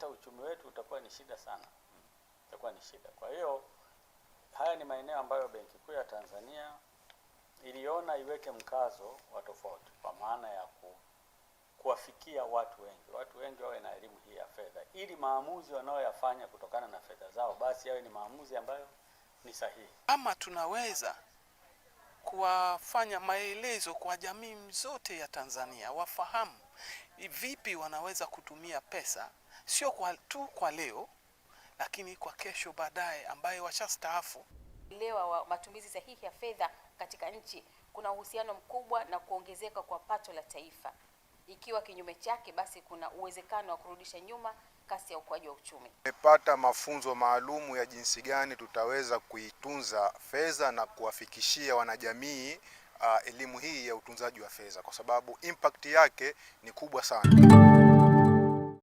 hata uchumi wetu utakuwa ni shida sana, utakuwa ni shida. Kwa hiyo haya ni maeneo ambayo Benki Kuu ya Tanzania iliona iweke mkazo wa tofauti, kwa maana ya ku, kuwafikia watu wengi, watu wengi wawe na elimu hii ya fedha, ili maamuzi wanaoyafanya kutokana na fedha zao basi yawe ni maamuzi ambayo ni sahihi. Kama tunaweza kuwafanya maelezo kwa jamii zote ya Tanzania wafahamu vipi wanaweza kutumia pesa sio kwa tu kwa leo, lakini kwa kesho baadaye, ambayo washastaafu lewa wa matumizi sahihi ya fedha katika nchi kuna uhusiano mkubwa na kuongezeka kwa pato la taifa. Ikiwa kinyume chake, basi kuna uwezekano wa kurudisha nyuma kasi ya ukuaji wa uchumi. Tumepata mafunzo maalumu ya jinsi gani tutaweza kuitunza fedha na kuwafikishia wanajamii uh, elimu hii ya utunzaji wa fedha kwa sababu impact yake ni kubwa sana.